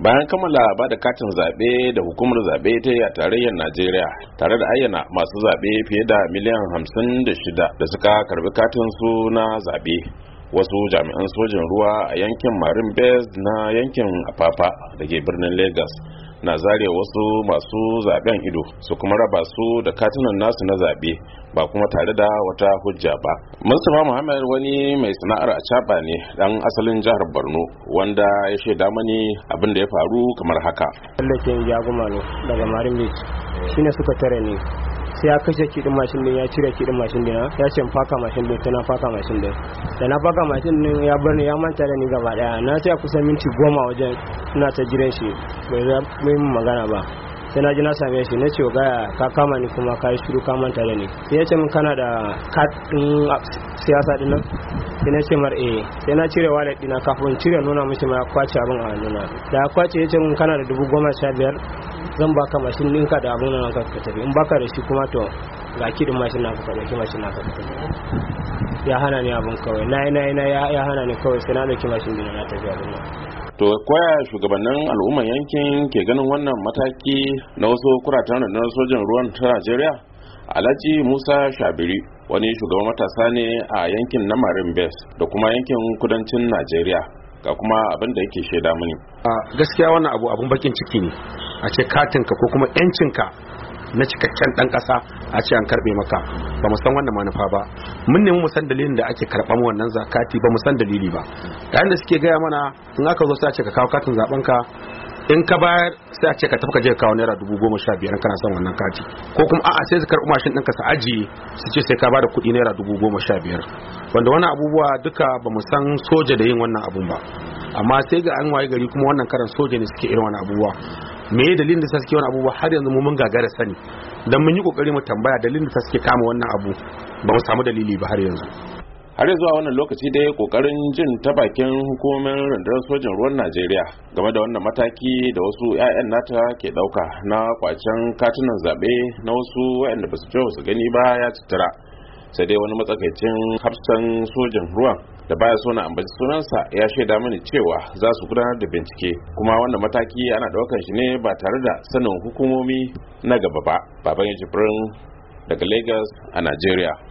bayan kammala ba da katin zaɓe da hukumar zaɓe ta yi a tarayyar najeriya tare da ayyana masu zaɓe fiye da miliyan hamsin da shida da suka karbi katin su na zaɓe wasu jami'an sojin ruwa a yankin marin base na yankin apapa da ke birnin legas. na zare wasu masu zaben ido su kuma raba su da katunan nasu na zabe ba kuma tare da wata hujja ba mustapha muhammad wani mai sana'ar a caba ne dan asalin jihar borno wanda ya shaida mani abin da ya faru kamar haka wanda ke jaguma ne daga marin beach shine suka tare ni sai ya kashe kidin mashin din ya cire kidin mashin din ya ce faka mashin din tana faka mashin din da na faka mashin din ya bar ni ya manta da ni gaba daya na sai kusan minti goma wajen ina ta jiran shi bai min magana ba sai na ji na same shi na ce gaya ka kama ni kuma ka yi shiru ka manta da ni sai ya ce min kana da katin siyasa din nan sai na ce mar eh sai na cire wallet dina kafin cire nuna mishi ma kwace abin a nuna da kwace ya ce min kana da dubu goma sha biyar zan baka mashin ɗinka da abin nan ka tafi in baka da shi kuma to ga kidin mashin na ka ɗauki mashin na ka tafi ya hana ni abin kawai na yi na yi na ya hana ni kawai sai na dauki mashin dina na tafi abin nan to kwaya shugabannin al'umman yankin ke ganin wannan mataki na wasu kuratan rundunar sojan ruwan ta najeriya alhaji musa shabiri wani shugaban matasa ne a yankin na marimbes da kuma yankin kudancin najeriya ga kuma abin da yake shaida mini gaskiya wannan abu abun bakin ciki ne a ce katinka ko kuma yancinka na cikakken dan kasa a ce an karbe maka ba mu san wannan manufa ba mun nemi mu san dalilin da ake karban wannan zakati ba mu san dalili ba yayin da suke gaya mana in aka zo sai a ce ka kawo katin zaben ka in ka bayar sai a ce ka tafi ka je ka kawo naira dubu goma sha biyar kana son wannan kati ko kuma a'a sai su karɓi mashin ɗinka su ajiye su ce sai ka bada kuɗi naira dubu goma sha biyar wanda wani abubuwa duka ba mu san soja da yin wannan abun ba amma sai ga an waye gari kuma wannan karan soja ne suke irin wani abubuwa me ya dalilin da sa suke wani abubuwa har yanzu mu mun gagara sani dan mun yi kokari mu tambaya dalilin da sa suke kama wannan abu ba mu samu dalili ba har yanzu har yanzu a wannan lokaci dai kokarin jin ta bakin hukumomin rundunar sojin ruwan najeriya game da wannan mataki da wasu 'ya'yan nata ke dauka na kwacen katunan zaɓe na wasu wa'anda ba su ce su gani ba ya citira sai dai wani matsakaicin hafsan sojin ruwan da baya so na ambaci sunansa ya shaida mini cewa za su gudanar da bincike kuma wannan mataki ana ɗaukar shi ne ba tare da sanin hukumomi na gaba ba baban ya daga lagos a nigeria